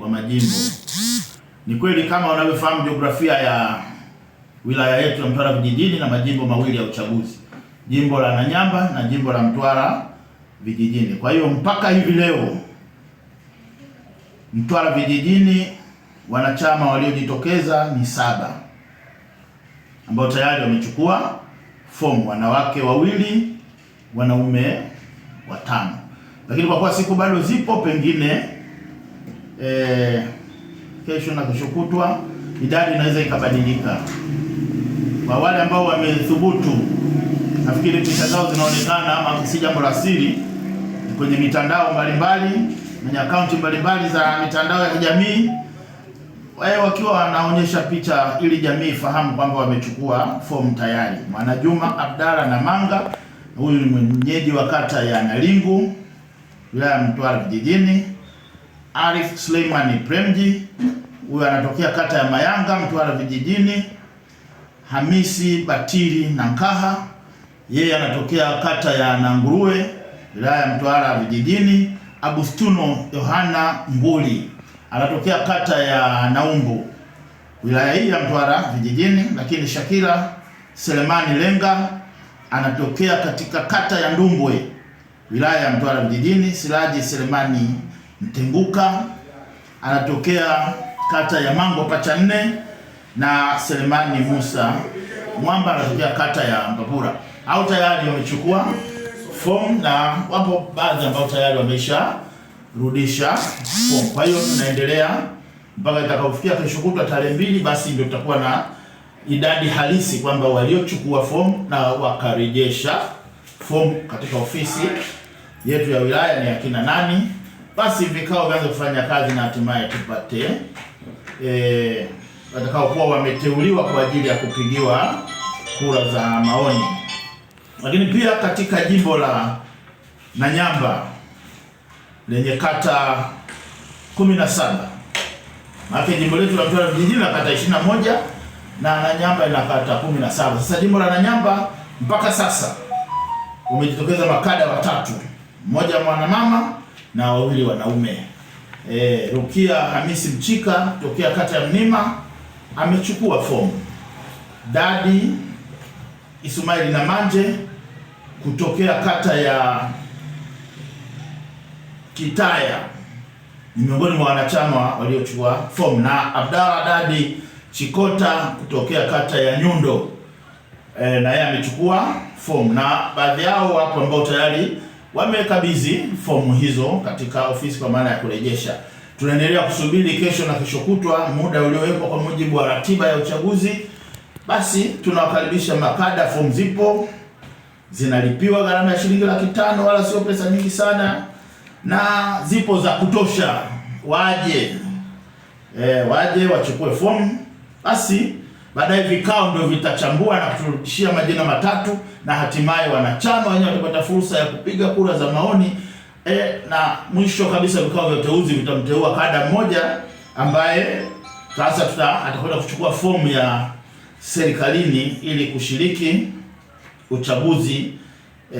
wa majimbo. Ni kweli kama wanavyofahamu jiografia ya wilaya yetu ya Mtwara vijijini na majimbo mawili ya uchaguzi, jimbo la Nanyamba na jimbo la Mtwara vijijini. Kwa hiyo mpaka hivi leo Mtwara vijijini wanachama waliojitokeza ni saba ambao tayari wamechukua fomu, wanawake wawili, wanaume watano. Lakini kwa kuwa siku bado zipo, pengine eh, kesho na kesho kutwa idadi inaweza ikabadilika. Kwa wale ambao wamethubutu, nafikiri picha zao zinaonekana, ama si jambo la siri, kwenye mitandao mbalimbali, kwenye akaunti mbalimbali za mitandao ya kijamii, wao eh, wakiwa wanaonyesha picha ili jamii ifahamu kwamba wamechukua fomu tayari. Mwana Juma Abdalla Namanga, huyu ni mwenyeji wa kata ya Nalingu, wilaya ya Mtwara vijijini Arif Suleiman Premji, huyu anatokea kata ya Mayanga, Mtwara vijijini. Hamisi Batili Nankaha, yeye anatokea kata ya nangurue wilaya ya Mtwara vijijini. Abustuno Yohana Nguli anatokea kata ya Naumbu, wilaya hii ya Mtwara vijijini. Lakini Shakira Selemani Lenga anatokea katika kata ya Ndumbwe, wilaya ya Mtwara vijijini. Siraji Selemani Mtenguka anatokea kata ya Mango pacha nne, na Selemani Musa Mwamba anatokea kata ya Mbabura, au tayari wamechukua fomu na wapo baadhi ambao tayari wamesha rudisha form. Kwa hiyo tunaendelea mpaka itakapofikia kesho kutwa tarehe mbili, basi ndio tutakuwa na idadi halisi kwamba waliochukua fomu na wakarejesha fomu katika ofisi yetu ya wilaya ni akina nani basi vikao vyanze kufanya kazi na hatimaye tupate e, watakaokuwa wameteuliwa kwa ajili ya kupigiwa kura za maoni. Lakini pia katika jimbo la Nanyamba lenye kata 17 maana jimbo letu la Mtwara vijijini na kata 21 na Nanyamba ina kata 17. Sasa jimbo la Nanyamba mpaka sasa umejitokeza makada watatu, mmoja mwanamama na wawili wanaume. E, Rukia Hamisi Mchika tokea kata ya mnima amechukua fomu. Dadi Ismaili Namanje kutokea kata ya Kitaya ni miongoni mwa wanachama waliochukua fomu, na Abdalla Dadi Chikota kutokea kata ya Nyundo e, na yeye amechukua fomu, na baadhi yao hapo ambao tayari wamekabidhi fomu hizo katika ofisi kwa maana ya kurejesha. Tunaendelea kusubiri kesho na kesho kutwa muda uliowekwa kwa mujibu wa ratiba ya uchaguzi. Basi tunawakaribisha makada, fomu zipo, zinalipiwa gharama ya shilingi laki tano, wala sio pesa nyingi sana, na zipo za kutosha. Waje e, waje wachukue fomu basi Baadaye vikao ndio vitachambua na kuturudishia majina matatu, na hatimaye wanachama wenyewe watapata fursa ya kupiga kura za maoni e, na mwisho kabisa vikao vya uteuzi vitamteua kada mmoja ambaye sasa tuta atakwenda kuchukua fomu ya serikalini ili kushiriki uchaguzi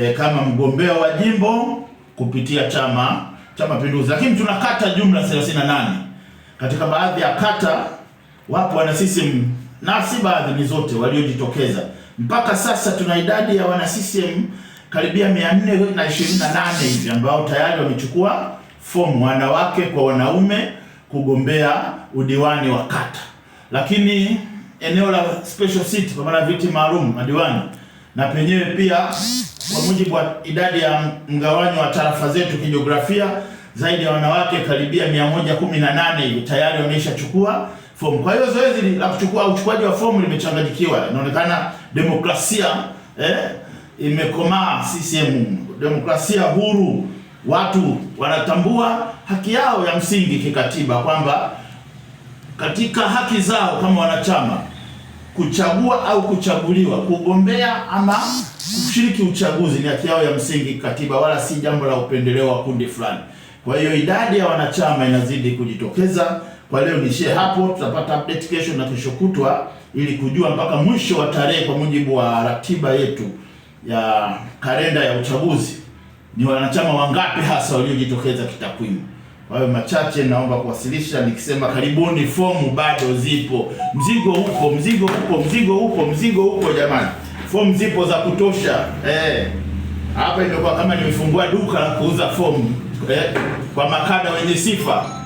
e, kama mgombea wa jimbo kupitia Chama cha Mapinduzi. Lakini tuna kata jumla 38. Katika baadhi ya kata wapo wana CCM na si baadhi, ni zote waliojitokeza. Mpaka sasa tuna idadi ya wana CCM karibia 428 hivi ambao tayari wamechukua fomu, wanawake kwa wanaume, kugombea udiwani wa kata. Lakini eneo la special seat kwa maana viti maalum madiwani na penyewe pia kwa mujibu wa idadi ya mgawanyo wa tarafa zetu kijiografia zaidi ya wanawake karibia 118 tayari wameshachukua fomu. Kwa hiyo zoezi la kuchukua uchukuaji wa fomu limechanganyikiwa, inaonekana demokrasia eh, imekomaa. CCM demokrasia huru, watu wanatambua haki yao ya msingi kikatiba, kwamba katika haki zao kama wanachama kuchagua au kuchaguliwa, kugombea ama kushiriki uchaguzi ni haki yao ya msingi katiba, wala si jambo la upendeleo wa kundi fulani. Kwa hiyo idadi ya wanachama inazidi kujitokeza. Kwa leo niishie hapo, tutapata update kesho na kesho kutwa ili kujua mpaka mwisho wa tarehe, kwa mujibu wa ratiba yetu ya kalenda ya uchaguzi, ni wanachama wangapi hasa waliojitokeza kitakwimu. Kwa hiyo machache naomba kuwasilisha nikisema karibuni, fomu bado zipo, mzigo upo, mzigo upo, mzigo upo, mzigo upo jamani, fomu zipo za kutosha eh. Hapa imekuwa kama nimefungua duka la kuuza fomu eh kwa makada wenye sifa